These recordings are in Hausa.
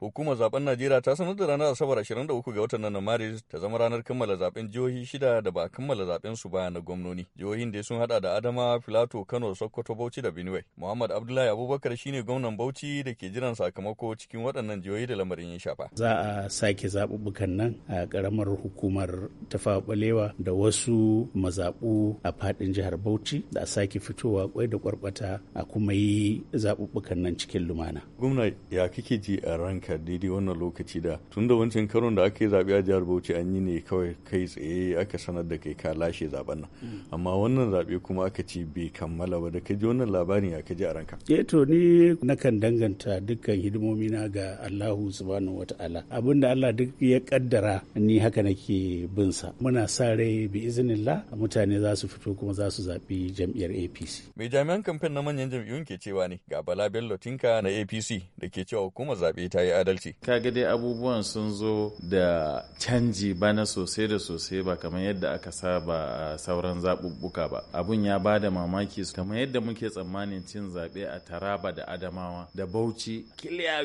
Hukumar zaben Najeriya ta sanar da ranar Asabar 23 ga watan nan Maris ta zama ranar kammala zaben jihohi shida da ba kammala zaben su ba na gwamnoni. Jihohin da sun hada da Adama, Filato, Kano, Sokoto, Bauchi da Benue. Muhammad Abdullahi Abubakar shine gwamnan Bauchi da ke jiran sakamako cikin waɗannan jihohi da lamarin ya shafa. Za a sake zaɓuɓɓukan nan a ƙaramar hukumar tafaɓalewa da wasu mazaɓu a faɗin jihar Bauchi da a sake fitowa kwai da kwarkwata a kuma yi zaɓuɓɓukan nan cikin lumana. Gwamna ya kike ji a ran ka daidai wannan lokaci da tun da wancan karon da aka yi zaɓe a jihar Bauchi an yi ne kawai kai tsaye aka sanar da kai ka lashe zaɓen nan mm. amma wannan zaɓe kuma aka ce bai kammala ba da ka ji wannan labarin ya ka ji a ranka. Eh to ni nakan danganta dukkan hidimomi na ga Allahu subhanahu wataala abun da Allah duk ya kaddara ni haka nake bin sa muna sa rai bi iznillah mutane za su fito kuma za su zaɓi jam'iyyar APC. Mai jami'an kamfen na manyan jam'iyyun ke cewa ne ga Bala Bello Tinka na APC da ke cewa hukumar zaɓe ta yi adalci kaga dai abubuwan sun zo da canji bana sosai da sosai ba kamar yadda aka saba a sauran zaɓuɓɓuka ba abun ya ba da mamaki kamar yadda muke tsammanin cin zaɓe a taraba da adamawa da bauchi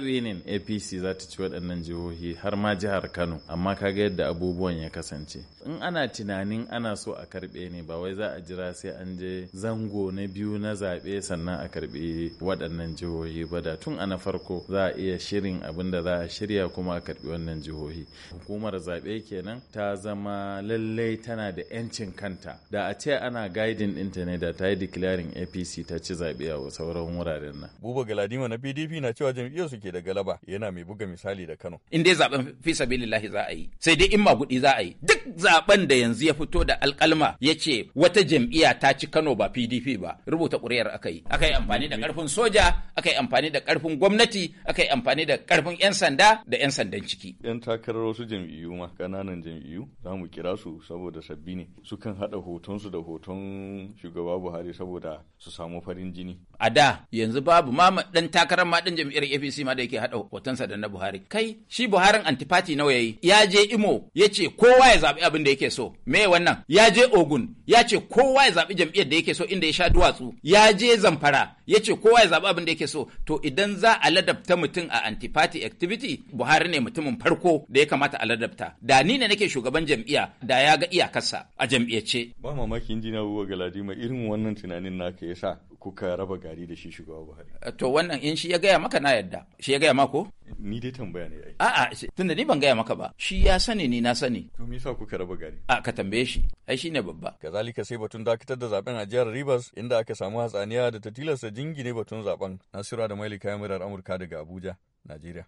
winning apc za ta ci waɗannan jihohi har ma jihar kano amma kaga yadda abubuwan ya kasance in ana tunanin ana so a karɓe ne ba wai za a jira sai an je zango na biyu na zaɓe sannan a karɓi waɗannan jihohi ba da tun ana farko za a iya shirin abin abin za a shirya kuma a karbi wannan jihohi hukumar zaɓe kenan ta zama lallai tana da 'yancin kanta da a ce ana guiding ɗinta da ta yi declaring apc ta ci zaɓe a sauran wuraren nan buba galadima na pdp na cewa jam'iyyar su ke da galaba yana mai buga misali da kano in dai zaben fi sabilillahi za a yi sai dai in magudi za a yi duk zaben da yanzu ya fito da alkalma ya ce wata jam'iyya ta ci kano ba pdp ba rubuta ƙuri'ar aka yi aka yi amfani da ƙarfin soja aka yi amfani da ƙarfin gwamnati aka yi amfani da ƙarfin hannun 'yan sanda da 'yan sandan ciki. 'Yan takarar wasu jam'iyyu ma kananan jam'iyyu za mu kira su saboda sabbi ne sukan haɗa hotonsu da hoton shugaba Buhari saboda su samu farin jini. A da yanzu babu ma ɗan takarar ma ɗan jam'iyyar APC ma da yake haɗa hotonsa da na Buhari. Kai shi Buharin antifati nawa yayi ya je Imo ya ce kowa ya zaɓi abin da yake so. Me wannan ya je Ogun ya ce kowa ya zaɓi jam'iyyar da yake so inda ya sha duwatsu. Ya je Zamfara ya ce kowa ya zaɓi abin da yake so. To idan za a ladabta mutum a antifati activity Buhari ne mutumin farko da ya kamata a ladabta. Da ni ne nake shugaban jam'iyya da ya ga iyakarsa a jam'iyyace. Ba mamaki injiniya Buba Galadima irin wannan tunanin naka yasa kuka raba gari da shi shugaba Buhari. Eh, to wannan in shi ya gaya maka na yadda. Shi ya gaya mako? Ni dai tambaya ne ai. A'a tunda ni ban gaya maka ba. Shi ya sani ni na sani. To me yasa kuka raba gari? A ka tambaye shi. Ai shi ne babba. Kazalika sai batun dakatar da zaben a jihar Rivers inda aka samu hatsaniya da ta tilasta jingine batun zaben. Nasira da Mailika Yamirar Amurka daga Abuja, Najeriya.